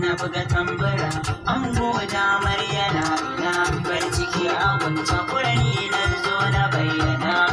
na buga tambara an goda yana ina bar ciki a wani takurani na zo na bayyana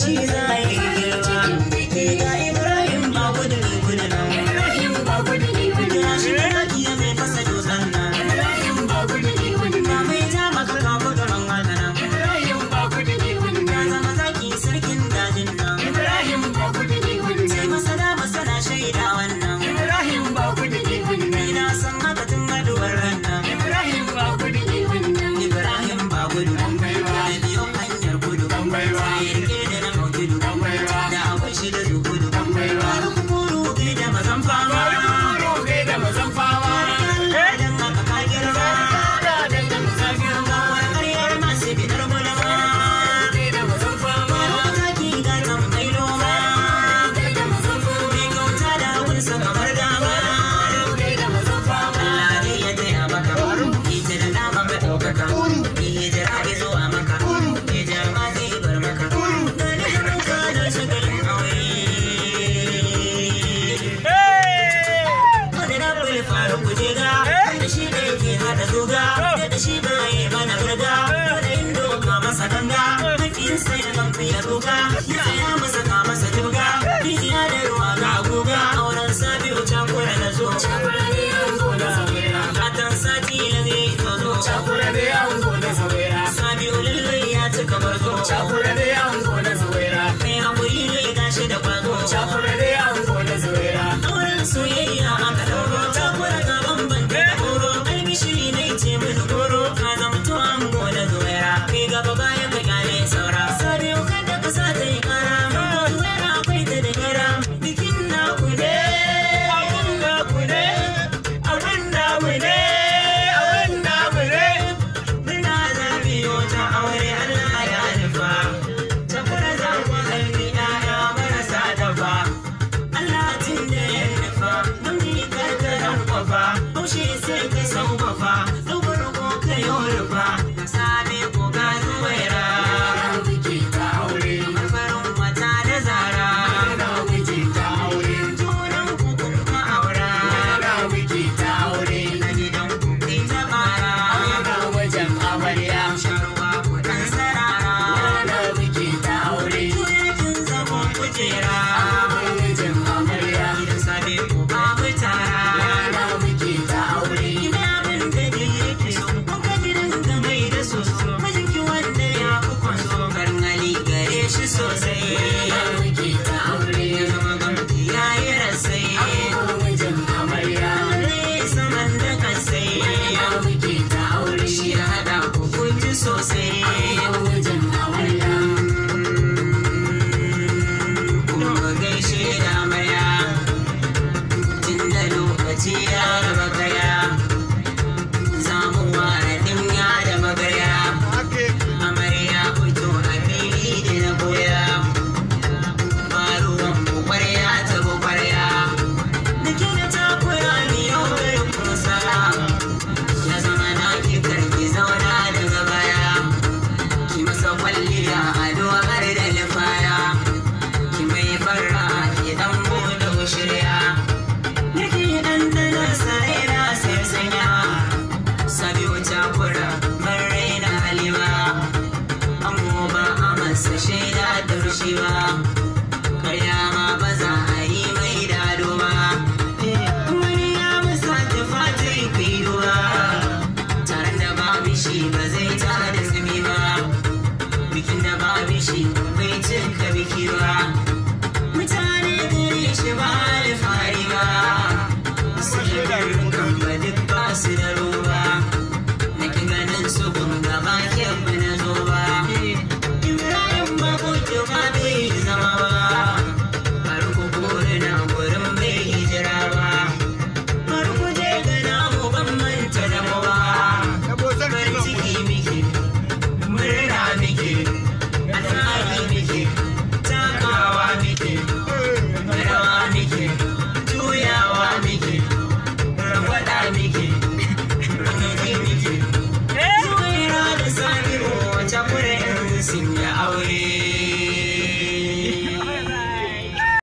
记得。చాపుడదే Yoruba. shi ba ma ba za a yi mai dado ba wani ya musa tufatin ba taron da babu shi ba zai tara da zumi ba bikin da babu shi